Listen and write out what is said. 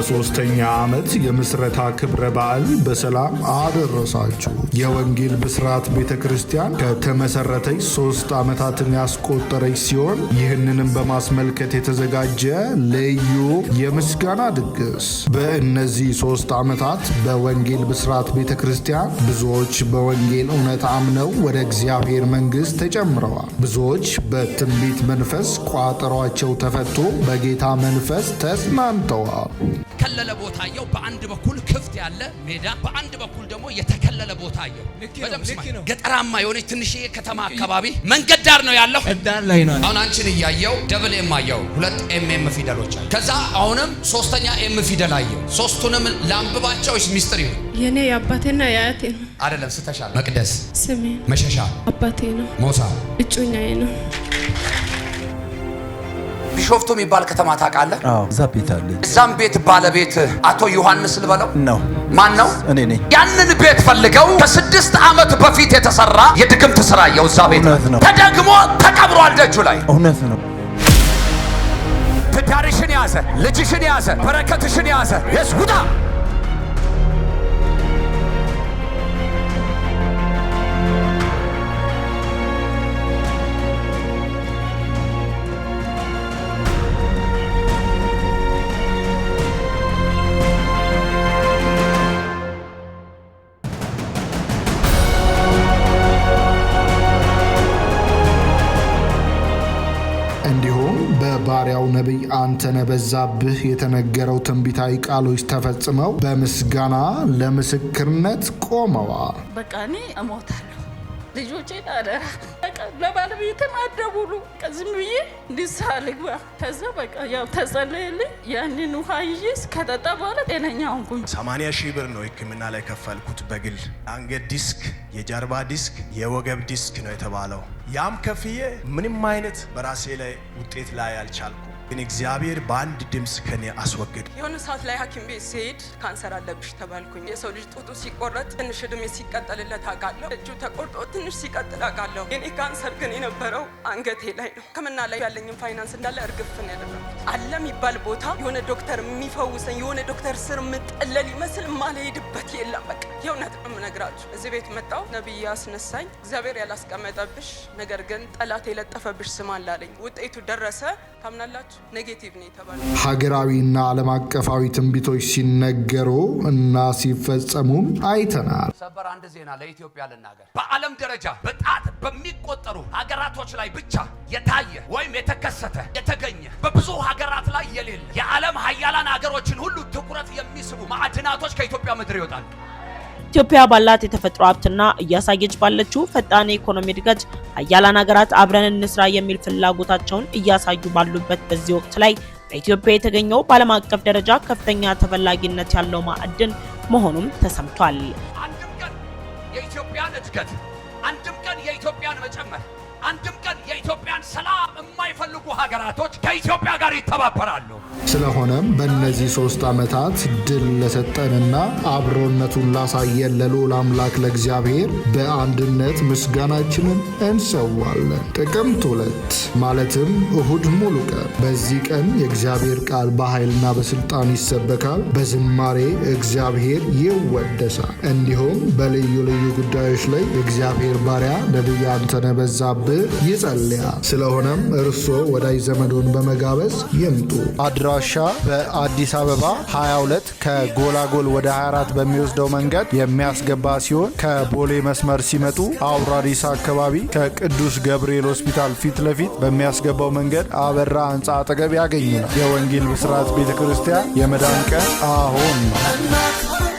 ለሦስተኛ ዓመት የምስረታ ክብረ በዓል በሰላም አደረሳችሁ። የወንጌል ብስራት ቤተ ክርስቲያን ከተመሠረተች ሦስት ዓመታትን ያስቆጠረች ሲሆን ይህንንም በማስመልከት የተዘጋጀ ልዩ የምስጋና ድግስ። በእነዚህ ሦስት ዓመታት በወንጌል ብስራት ቤተ ክርስቲያን ብዙዎች በወንጌል እውነት አምነው ወደ እግዚአብሔር መንግሥት ተጨምረዋል። ብዙዎች በትንቢት መንፈስ ቋጠሯቸው ተፈቶ በጌታ መንፈስ ተጽናንተዋል። የተከለለ ቦታ አየሁ። በአንድ በኩል ክፍት ያለ ሜዳ፣ በአንድ በኩል ደግሞ የተከለለ ቦታ አየሁ። ገጠራማ የሆነች ትንሽዬ ከተማ አካባቢ መንገድ ዳር ነው ያለው። አሁን አንቺን እያየው ደብል ኤም አየው፣ ሁለት ኤም ኤም ፊደሎች አየሁ። ከዛ አሁንም ሶስተኛ ኤም ፊደል አየው። ሶስቱንም ላንብባቸው ሚስጥር ይሁን። የኔ የአባቴና የአያቴ ነው አይደለም። ስተሻል መቅደስ ስሜ መሸሻ አባቴ ነው። ሞሳ እጩኛዬ ነው። ቢሾፍቱ የሚባል ከተማ ታውቃለህ? እዛ ቤት አለ። እዛም ቤት ባለቤት አቶ ዮሐንስ ልበለው ነው። ማን ነው? እኔ ነኝ። ያንን ቤት ፈልገው ከስድስት ዓመት በፊት የተሰራ የድግምት ስራ የው እዛ ቤት ነው። ተደግሞ ተቀብሯል ደጁ ላይ። እውነት ነው። ትዳርሽን ያዘ፣ ልጅሽን ያዘ፣ በረከትሽን ያዘ። የስ ውጣ ባሪያው ነቢይ አንተነ በዛብህ የተነገረው ትንቢታዊ ቃሎች ተፈጽመው በምስጋና ለምስክርነት ቆመዋል። በቃ እኔ እሞታለሁ። ልጆቼ አደራ ለባለቤትም አትደውሉ፣ ዝም ብዬ ንስሐ ልግባ። ከዛ በቃ ያው ተጸለየልኝ። ያንን ውሃ ይዤ ከጠጣ በኋላ ጤነኛ ሆንኩኝ። 80 ሺህ ብር ነው ሕክምና ላይ ከፈልኩት በግል አንገት ዲስክ፣ የጀርባ ዲስክ፣ የወገብ ዲስክ ነው የተባለው። ያም ከፍዬ ምንም አይነት በራሴ ላይ ውጤት ላይ አልቻልኩ ግን እግዚአብሔር በአንድ ድምፅ ከኔ አስወገድ። የሆነ ሰዓት ላይ ሐኪም ቤት ሲሄድ ካንሰር አለብሽ ተባልኩኝ። የሰው ልጅ ጡጡ ሲቆረጥ ትንሽ እድሜ ሲቀጠልለት አውቃለሁ። እጁ ተቆርጦ ትንሽ ሲቀጥል አውቃለሁ። የኔ ካንሰር ግን የነበረው አንገቴ ላይ ነው። ሕክምና ላይ ያለኝም ፋይናንስ እንዳለ እርግፍ ነው ያደረኩት። አለ የሚባል ቦታ የሆነ ዶክተር የሚፈውሰኝ የሆነ ዶክተር ስር የምጠለል ይመስል ማልሄድበት የለም። በቃ የእውነት ነው የምነግራችሁ። እዚህ ቤት መጣሁ። ነቢይ አስነሳኝ። እግዚአብሔር ያላስቀመጠብሽ ነገር ግን ጠላት የለጠፈብሽ ስም አላለኝ። ውጤቱ ደረሰ። ታምናላችሁ? ሀገራዊና ዓለም አቀፋዊ ትንቢቶች ሲነገሩ እና ሲፈጸሙም አይተናል። ሰበር አንድ ዜና ለኢትዮጵያ ልናገር። በዓለም ደረጃ በጣት በሚቆጠሩ ሀገራቶች ላይ ብቻ የታየ ወይም የተከሰተ የተገኘ በብዙ ሀገራት ላይ የሌለ የዓለም ሀያላን ሀገሮችን ሁሉ ትኩረት የሚስቡ ማዕድናቶች ከኢትዮጵያ ምድር ይወጣሉ። ኢትዮጵያ ባላት የተፈጥሮ ሀብትና እያሳየች ባለችው ፈጣን የኢኮኖሚ እድገት ሀያላን ሀገራት አብረን እንስራ የሚል ፍላጎታቸውን እያሳዩ ባሉበት በዚህ ወቅት ላይ በኢትዮጵያ የተገኘው በዓለም አቀፍ ደረጃ ከፍተኛ ተፈላጊነት ያለው ማዕድን መሆኑም ተሰምቷል። አንድም ቀን የኢትዮጵያን እድገት አንድም ቀን የኢትዮጵያን መጨመር አንድም ቀን የኢትዮጵያን ሰላም የማይፈልጉ ሀገራቶች ከኢትዮጵያ ጋር ይተባበራሉ። ስለሆነም በእነዚህ ሶስት ዓመታት ድል ለሰጠንና አብሮነቱን ላሳየን ለልዑል አምላክ ለእግዚአብሔር በአንድነት ምስጋናችንን እንሰዋለን። ጥቅምት ሁለት ማለትም እሁድ ሙሉ ቀን። በዚህ ቀን የእግዚአብሔር ቃል በኃይልና በስልጣን ይሰበካል። በዝማሬ እግዚአብሔር ይወደሳል። እንዲሁም በልዩ ልዩ ጉዳዮች ላይ የእግዚአብሔር ባሪያ ነቢይ አንተነህ በዛብህ ይጸልያል። ስለሆነም እርስዎ ወዳጅ ዘመዶን በመጋበዝ ይምጡ። አድራሻ በአዲስ አበባ 22 ከጎላጎል ወደ 24 በሚወስደው መንገድ የሚያስገባ ሲሆን ከቦሌ መስመር ሲመጡ አውራሪስ አካባቢ ከቅዱስ ገብርኤል ሆስፒታል ፊት ለፊት በሚያስገባው መንገድ አበራ ህንፃ አጠገብ ነው የወንጌል ብስራት ቤተ ክርስቲያን የመዳን ቀን አሁን ነው።